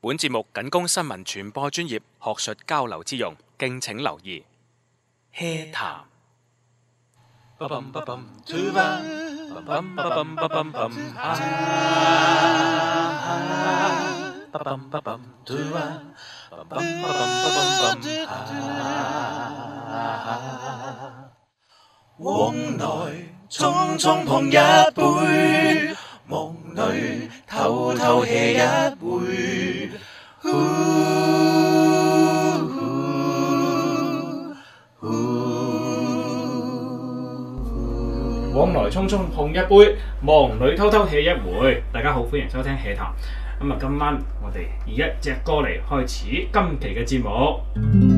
本節目僅供新聞傳播專業學術交流之用，敬請留意。嘿 Hey, time.，談。往內匆匆碰一杯。夢裏偷偷吃一回，往來匆匆碰一杯，夢裏偷偷吃一回。大家好，歡迎收聽《HEA 談》。咁啊，今晚我哋以一隻歌嚟開始今期嘅節目。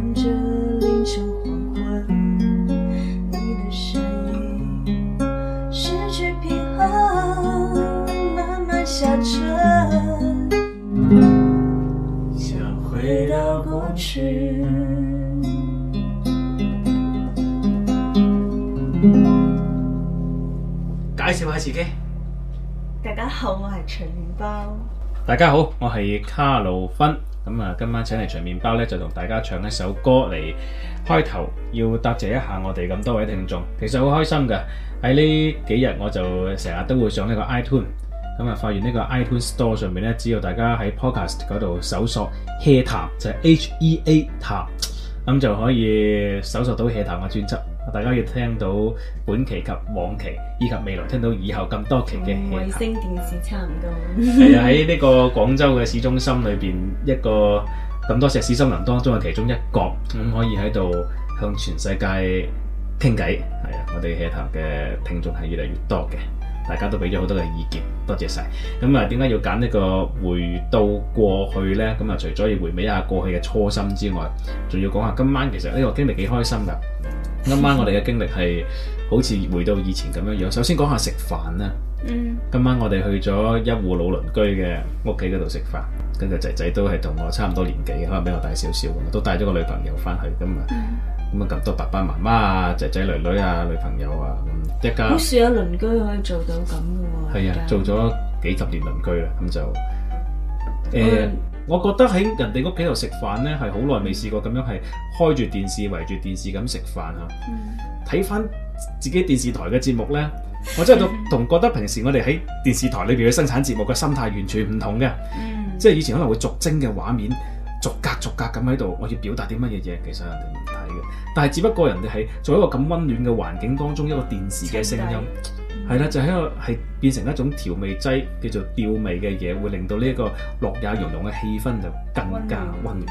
回到過去，介紹下自己。大家好，我係長麵包。大家好，我係卡路芬。咁啊，今晚請嚟長麵包呢，就同大家唱一首歌嚟。開頭要答謝一下我哋咁多位聽眾，其實好開心噶。喺呢幾日我就成日都會上呢個 iTunes。咁啊、嗯！發現呢個 iTunes Store 上面，咧，只要大家喺 Podcast 嗰度搜索，就係、HEA 談就係 H E A 談，咁就可以搜索到 HEA 談嘅專輯。大家要聽到本期及往期，以及未來聽到以後咁多期嘅、嗯。衛星電視差唔多。係 啊，喺呢個廣州嘅市中心裏邊，一個咁多石屎森林當中嘅其中一角，咁可以喺度向全世界傾偈。係啊，我哋 HEA 談嘅聽眾係越嚟越多嘅。大家都俾咗好多嘅意見，多謝晒。咁啊，點解要揀呢個回到過去呢，咁啊，除咗要回味一下過去嘅初心之外，仲要講下今晚其實呢個、哎、經歷幾開心㗎。今晚我哋嘅經歷係好似回到以前咁樣樣。嗯、首先講下食飯啦。嗯。今晚我哋去咗一戶老鄰居嘅屋企嗰度食飯，那個、跟住仔仔都係同我差唔多年紀可能比我大少少，都帶咗個女朋友返去，咁啊。嗯咁啊，咁多爸爸媽媽啊，仔仔女女啊，女朋友啊，咁一家。好似有鄰居可以做到咁嘅喎。係啊，的在做咗幾十年鄰居啦，咁就誒，呃嗯、我覺得喺人哋屋企度食飯咧，係好耐未試過咁樣係開住電視，圍住電視咁食飯啊。睇翻、嗯、自己電視台嘅節目咧，我真係同覺得平時我哋喺電視台裏邊嘅生產節目嘅心態完全唔同嘅。嗯、即係以前可能會逐幀嘅畫面。逐格咁喺度，我要表達啲乜嘢嘢？其實人哋唔睇嘅，但係只不過人哋係做一個咁温暖嘅環境當中，一個電視嘅聲音，係啦、嗯，就係個係變成一種調味劑，叫做調味嘅嘢，會令到呢一個樂也融融嘅氣氛就更加温暖。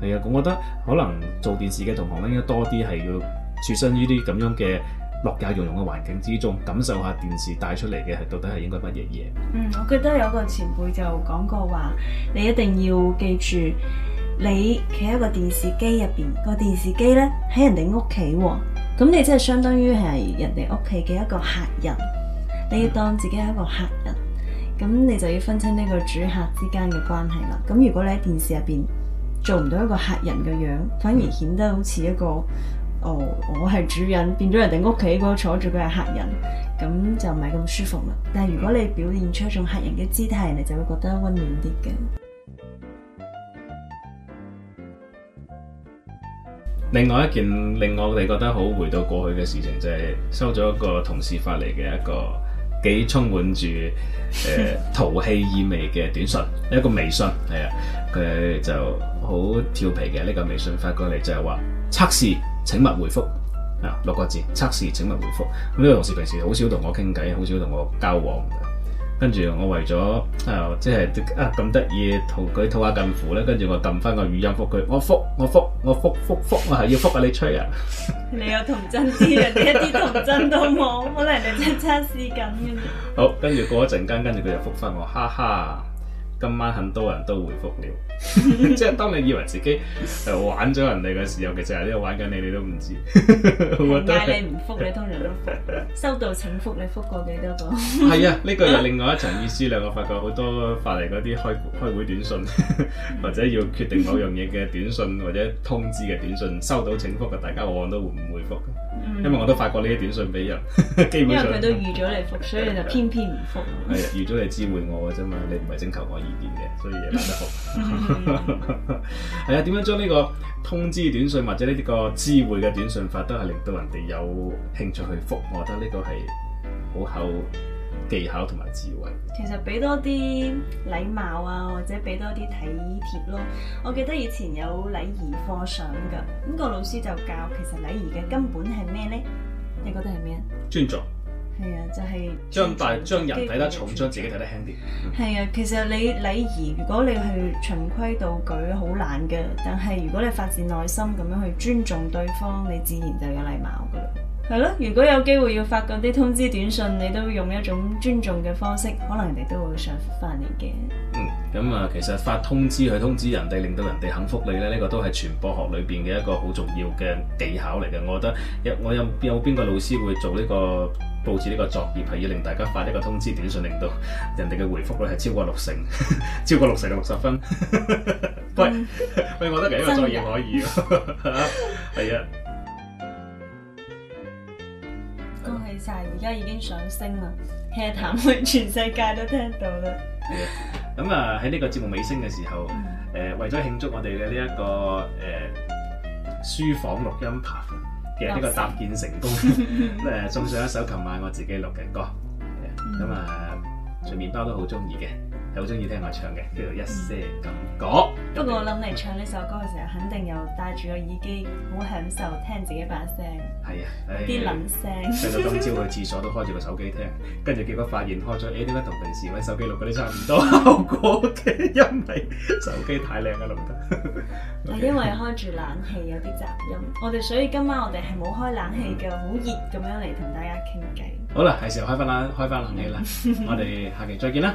係啊，咁、嗯、我覺得可能做電視嘅同行應該多啲係要處身於啲咁樣嘅。樂家融融嘅環境之中，感受下電視帶出嚟嘅係到底係應該乜嘢嘢？嗯，我記得有個前輩就講過話，你一定要記住，你企喺個電視機入邊，個電視機咧喺人哋屋企喎，咁你即係相當於係人哋屋企嘅一個客人，你要當自己係一個客人，咁、嗯、你就要分清呢個主客之間嘅關係啦。咁如果你喺電視入邊做唔到一個客人嘅樣，反而顯得好似一個。哦，我係主人，變咗人哋屋企嗰度坐住，佢係客人，咁就唔係咁舒服啦。但係如果你表現出一種客人嘅姿態，你就會覺得溫暖啲嘅。另外一件令我哋覺得好回到過去嘅事情，就係、是、收咗一個同事發嚟嘅一個幾充滿住誒、呃、淘氣意味嘅短信， 一個微信係啊，佢就好調皮嘅呢、這個微信發過嚟就係話測試。請勿回覆啊，六個字測試請勿回覆。咁、這、呢個同事平時好少同我傾偈，好少同我交往。跟住我為咗誒、呃，即係啊咁得意，同佢套下近乎。咧。跟住我撳翻個語音覆佢，我覆我覆我覆覆覆，我係要覆啊你吹啊！你，啊你有童真啲啊？你一啲童真都冇，可能你真係測試緊嘅。好，跟住過一陣間，跟住佢就覆翻我，哈哈。今晚很多人都回覆了， 即係當你以為自己玩咗人哋嘅時候，其實係呢度玩緊你，你都唔知道。但 係你唔覆，你通常都覆。 收到請覆，你覆過幾多個？係 啊，呢個又另外一層意思啦。我發覺好多發嚟嗰啲開開會短信，或者要決定某樣嘢嘅短信，或者通知嘅短信，收到請覆嘅，大家往往都唔回覆。嗯、因為我都發過呢啲短信俾人，基本上佢都預咗你覆，所以你就偏偏唔覆。係預咗你知會我嘅啫嘛，你唔係徵求我意見嘅，所以也打得好、 嗯。係啊，點樣將呢個通知短信或者呢個知會嘅短信發都係令到人哋有興趣去覆我覺得呢個係好考技巧同埋智慧。其實俾多啲禮貌啊，或者俾多啲體貼咯。我記得以前有禮儀課上噶，咁個老師就教，其實禮儀嘅根本係咩呢？你覺得係咩？尊重。係啊，就係將大將人睇得重，將自己睇得輕啲。係啊，其實你禮儀，如果你去循規蹈矩，好難嘅。但係如果你發自內心咁樣去尊重對方，你自然就有禮貌噶啦。係咯，如果有機會要發嗰啲通知短信，你都會用一種尊重嘅方式，可能人哋都會想覆嚟嘅。嗯，咁啊，其實發通知去通知人哋，令到人哋肯覆你咧，呢、這個都係傳播學裏邊嘅一個好重要嘅技巧嚟嘅。我覺得有，我有有邊個老師會做呢、這個佈置呢個作業，係要令大家發呢個通知短信，令到人哋嘅回覆率係超過六成，超過六成嘅六十分。喂、嗯、喂，嗯、我覺得一個作業可以係啊。的 而家已經上升啦，HEA 談去全世界都聽到啦。咁啊、嗯，喺呢個節目尾聲嘅時候，誒、嗯呃、為咗慶祝我哋嘅呢一個誒、呃、書房錄音棚嘅呢個搭建成功， 呃、送上一首琴晚我自己錄嘅歌。咁啊、嗯，隨麵、嗯呃、包都好中意嘅。有中意聽我唱嘅，叫做一些感覺。不過我諗你唱呢首歌嘅時候，肯定又戴住個耳機，好享受聽自己把聲。係啊，啲冷聲。甚至今朝去廁所都開住個手機聽，跟住結果發現開咗。誒，點解同平時揾手機錄嗰啲差唔多效果嘅？因為手機太靚啦，冇得。係、okay。因為開住冷氣有啲雜音。我哋所以今晚我哋係冇開冷氣嘅，好熱咁樣嚟同大家傾偈。好啦，係時候開翻冷開翻冷氣啦，的我哋下期再見啦。